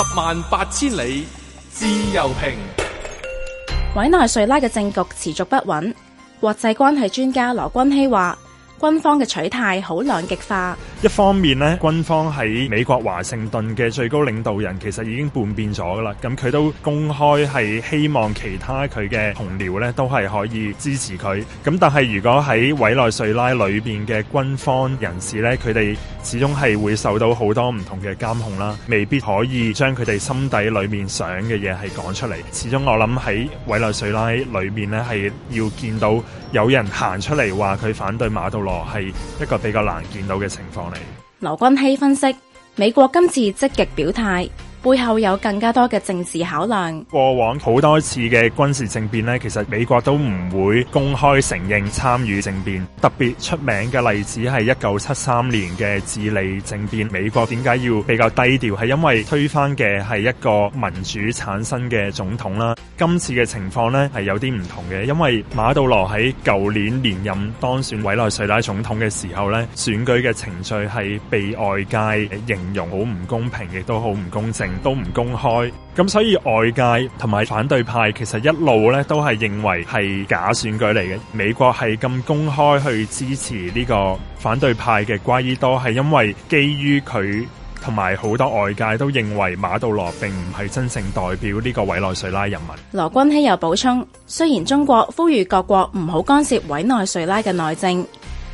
十萬八千里自由評。委內瑞拉嘅政局持續不穩，國際關係專家羅鈞禧話。軍方嘅取態好兩極化，一方面呢，軍方喺美國華盛頓嘅最高領導人其實已經叛變咗㗎喇，咁佢都公開係希望其他佢嘅同僚呢都係可以支持佢。咁但係如果喺委內瑞拉裏邊嘅軍方人士呢，佢哋始終係會受到好多唔同嘅監控啦，未必可以將佢哋心底裏面想嘅嘢係講出嚟。始終我諗喺委內瑞拉裏面呢係要見到有人行出嚟話佢反對馬杜羅係一個比較難見到嘅情況嚟。羅鈞禧分析，美國今次積極表態。背後有更加多嘅政治考量。過往好多次嘅軍事政變呢，其實美國都唔會公開承認參與政變。特別出名嘅例子係一九七三年嘅智利政變。美國點解要比較低調？係因為推翻嘅係一個民主產生嘅總統啦。今次嘅情況呢，係有啲唔同嘅，因為馬杜羅喺舊年連任當選委內瑞拉總統嘅時候呢，選舉嘅程序係被外界形容好唔公平，亦都好唔公正。都唔公開，咁所以外界同埋反對派其實一路咧都係認為係假選舉嚟嘅。美國係咁公開去支持呢個反對派嘅瓜伊多，係因為基於佢同埋好多外界都認為馬杜羅並唔係真正代表呢個委內瑞拉人民。羅鈞禧又補充：雖然中國呼籲各國唔好干涉委內瑞拉嘅內政，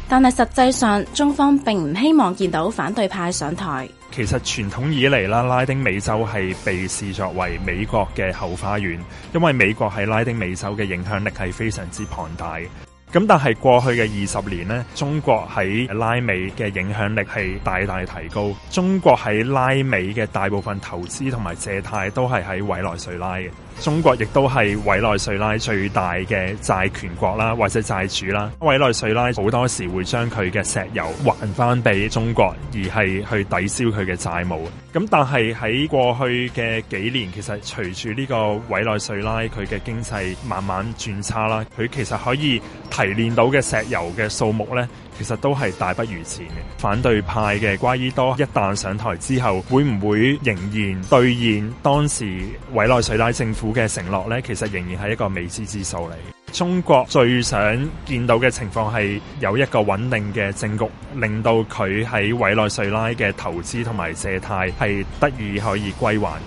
但係實際上中方並唔希望見到反對派上台。其實傳統以嚟啦，拉丁美洲係被視作為美國嘅後花園，因為美國喺拉丁美洲嘅影響力係非常之龐大。咁但係過去嘅二十年咧，中國喺拉美嘅影響力係大大提高。中國喺拉美嘅大部分投資同埋借貸都係喺委內瑞拉嘅。中國亦都係委內瑞拉最大嘅債權國啦，或者債主啦。委內瑞拉好多時會將佢嘅石油還翻俾中國，而係去抵消佢嘅債務。咁但係喺過去嘅幾年，其實隨住呢個委內瑞拉佢嘅經濟慢慢轉差啦，佢其實可以提煉到嘅石油嘅數目呢，其實都係大不如前嘅。反對派嘅瓜伊多一旦上台之後，會唔會仍然兌現當時委內瑞拉政府嘅承諾咧，其實仍然係一個未知之數嚟。中國最想見到嘅情況，係有一個穩定嘅政局，令到佢喺委內瑞拉嘅投資同埋借貸，係得以可以歸還。